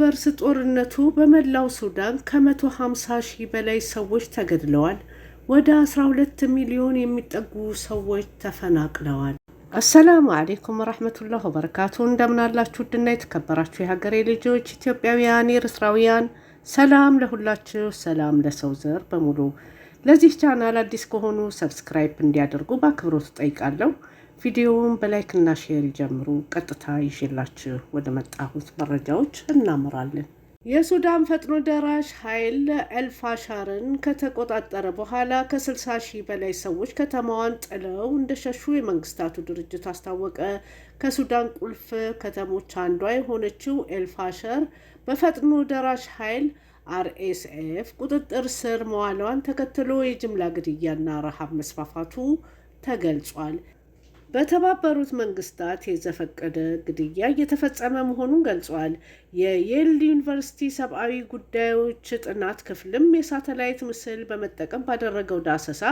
በርስ ጦርነቱ በመላው ሱዳን ከ150 ሺህ በላይ ሰዎች ተገድለዋል። ወደ 12 ሚሊዮን የሚጠጉ ሰዎች ተፈናቅለዋል። አሰላሙ አሌይኩም ወረሕመቱላህ ወበረካቱ። እንደምናላችሁ ውድና የተከበራችሁ የሀገሬ ልጆች ኢትዮጵያውያን፣ ኤርትራውያን፣ ሰላም ለሁላችሁ፣ ሰላም ለሰው ዘር በሙሉ። ለዚህ ቻናል አዲስ ከሆኑ ሰብስክራይብ እንዲያደርጉ በአክብሮት ጠይቃለሁ። ቪዲዮውን በላይክና ሼር ጀምሩ። ቀጥታ ይዤላችሁ ወደ መጣሁት መረጃዎች እናምራለን። የሱዳን ፈጥኖ ደራሽ ኃይል ኤልፋሻርን ከተቆጣጠረ በኋላ ከ60 ሺህ በላይ ሰዎች ከተማዋን ጥለው እንደሸሹ የመንግስታቱ ድርጅት አስታወቀ። ከሱዳን ቁልፍ ከተሞች አንዷ የሆነችው ኤልፋሸር በፈጥኖ ደራሽ ኃይል አርኤስኤፍ ቁጥጥር ስር መዋሏን ተከትሎ የጅምላ ግድያና ረሃብ መስፋፋቱ ተገልጿል። በተባበሩት መንግስታት የዘፈቀደ ግድያ እየተፈጸመ መሆኑን ገልጿል። የየል ዩኒቨርሲቲ ሰብአዊ ጉዳዮች ጥናት ክፍልም የሳተላይት ምስል በመጠቀም ባደረገው ዳሰሳ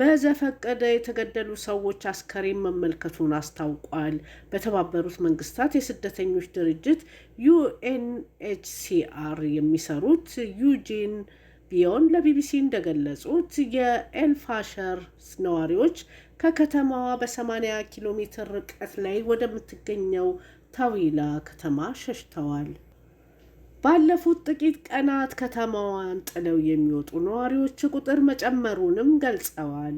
በዘፈቀደ የተገደሉ ሰዎች አስከሬን መመልከቱን አስታውቋል። በተባበሩት መንግስታት የስደተኞች ድርጅት ዩኤንኤችሲአር የሚሰሩት ዩጂን ቢዮን ለቢቢሲ እንደገለጹት የኤልፋሸር ነዋሪዎች ከከተማዋ በ80 ኪሎ ሜትር ርቀት ላይ ወደምትገኘው ታዊላ ከተማ ሸሽተዋል። ባለፉት ጥቂት ቀናት ከተማዋን ጥለው የሚወጡ ነዋሪዎች ቁጥር መጨመሩንም ገልጸዋል።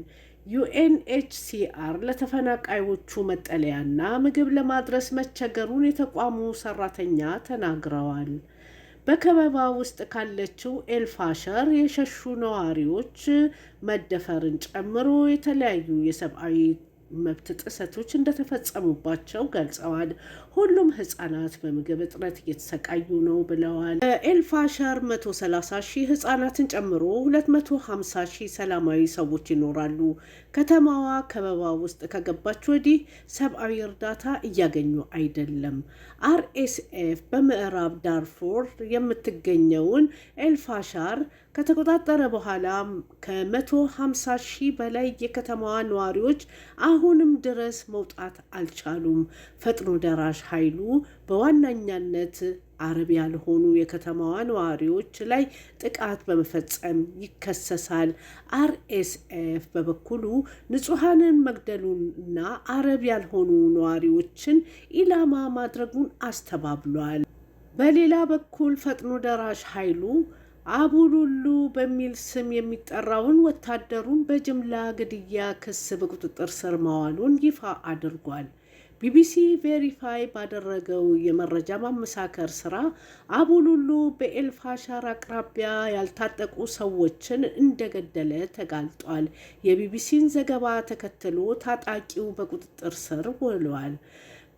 ዩኤንኤችሲአር ለተፈናቃዮቹ መጠለያና ምግብ ለማድረስ መቸገሩን የተቋሙ ሰራተኛ ተናግረዋል። በከበባ ውስጥ ካለችው ኤልፋሸር የሸሹ ነዋሪዎች መደፈርን ጨምሮ የተለያዩ የሰብአዊ መብት ጥሰቶች እንደተፈጸሙባቸው ገልጸዋል። ሁሉም ህጻናት በምግብ እጥረት እየተሰቃዩ ነው ብለዋል። ኤልፋሻር 130 ሺህ ህጻናትን ጨምሮ 250 ሺህ ሰላማዊ ሰዎች ይኖራሉ። ከተማዋ ከበባ ውስጥ ከገባች ወዲህ ሰብአዊ እርዳታ እያገኙ አይደለም። አርኤስኤፍ በምዕራብ ዳርፎር የምትገኘውን ኤልፋሻር ከተቆጣጠረ በኋላ ከ150 ሺህ በላይ የከተማዋ ነዋሪዎች አሁን አሁንም ድረስ መውጣት አልቻሉም። ፈጥኖ ደራሽ ኃይሉ በዋነኛነት አረብ ያልሆኑ የከተማዋ ነዋሪዎች ላይ ጥቃት በመፈጸም ይከሰሳል። አርኤስኤፍ በበኩሉ ንጹሐንን መግደሉንና አረብ ያልሆኑ ነዋሪዎችን ኢላማ ማድረጉን አስተባብሏል። በሌላ በኩል ፈጥኖ ደራሽ ኃይሉ አቡሉሉ በሚል ስም የሚጠራውን ወታደሩን በጅምላ ግድያ ክስ በቁጥጥር ስር ማዋሉን ይፋ አድርጓል። ቢቢሲ ቬሪፋይ ባደረገው የመረጃ ማመሳከር ስራ አቡሉሉ በኤልፋሻር አቅራቢያ ያልታጠቁ ሰዎችን እንደገደለ ተጋልጧል። የቢቢሲን ዘገባ ተከትሎ ታጣቂው በቁጥጥር ስር ውሏል።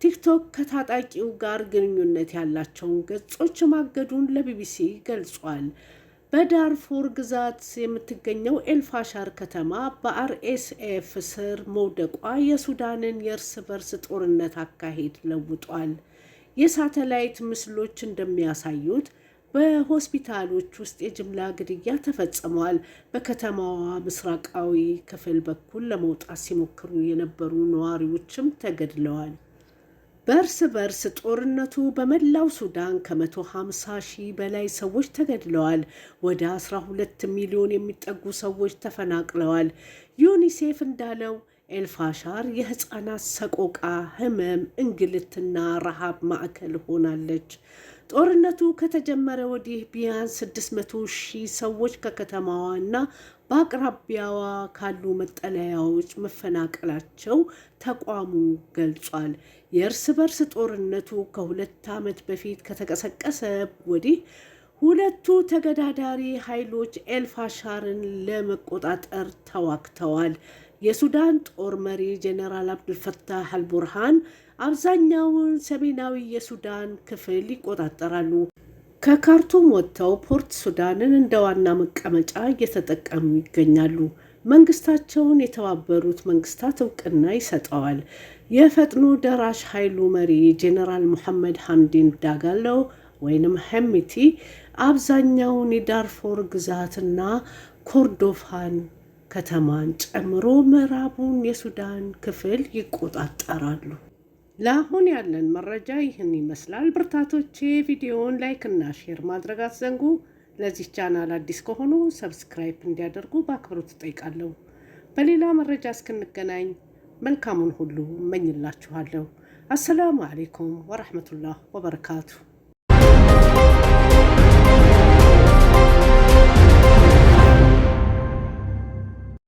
ቲክቶክ ከታጣቂው ጋር ግንኙነት ያላቸውን ገጾች ማገዱን ለቢቢሲ ገልጿል። በዳርፉር ግዛት የምትገኘው ኤልፋሻር ከተማ በአርኤስኤፍ ስር መውደቋ የሱዳንን የእርስ በርስ ጦርነት አካሄድ ለውጧል። የሳተላይት ምስሎች እንደሚያሳዩት በሆስፒታሎች ውስጥ የጅምላ ግድያ ተፈጽሟል። በከተማዋ ምስራቃዊ ክፍል በኩል ለመውጣት ሲሞክሩ የነበሩ ነዋሪዎችም ተገድለዋል። በእርስ በእርስ ጦርነቱ በመላው ሱዳን ከ150 ሺህ በላይ ሰዎች ተገድለዋል። ወደ 12 ሚሊዮን የሚጠጉ ሰዎች ተፈናቅለዋል። ዩኒሴፍ እንዳለው ኤልፋሻር የሕፃናት ሰቆቃ፣ ህመም፣ እንግልትና ረሃብ ማዕከል ሆናለች። ጦርነቱ ከተጀመረ ወዲህ ቢያንስ 600 ሺህ ሰዎች ከከተማዋ እና በአቅራቢያዋ ካሉ መጠለያዎች መፈናቀላቸው ተቋሙ ገልጿል። የእርስ በርስ ጦርነቱ ከሁለት ዓመት በፊት ከተቀሰቀሰ ወዲህ ሁለቱ ተገዳዳሪ ኃይሎች ኤልፋሻርን ለመቆጣጠር ተዋግተዋል። የሱዳን ጦር መሪ ጀኔራል አብዱልፈታህ አልቡርሃን አብዛኛውን ሰሜናዊ የሱዳን ክፍል ይቆጣጠራሉ። ከካርቱም ወጥተው ፖርት ሱዳንን እንደ ዋና መቀመጫ እየተጠቀሙ ይገኛሉ። መንግስታቸውን የተባበሩት መንግስታት እውቅና ይሰጠዋል። የፈጥኖ ደራሽ ኃይሉ መሪ ጄኔራል መሐመድ ሐምዲን ዳጋሎ ወይንም ሐሚቲ አብዛኛውን የዳርፎር ግዛትና ኮርዶፋን ከተማን ጨምሮ ምዕራቡን የሱዳን ክፍል ይቆጣጠራሉ። ለአሁን ያለን መረጃ ይህን ይመስላል። ብርታቶቼ ቪዲዮውን ላይክ እና ሼር ማድረግ አትዘንጉ። ለዚህ ቻናል አዲስ ከሆኑ ሰብስክራይብ እንዲያደርጉ በአክብሮት እጠይቃለሁ። በሌላ መረጃ እስክንገናኝ መልካሙን ሁሉ እመኝላችኋለሁ። አሰላሙ አሌይኩም ወረሕመቱላህ ወበረካቱሁ።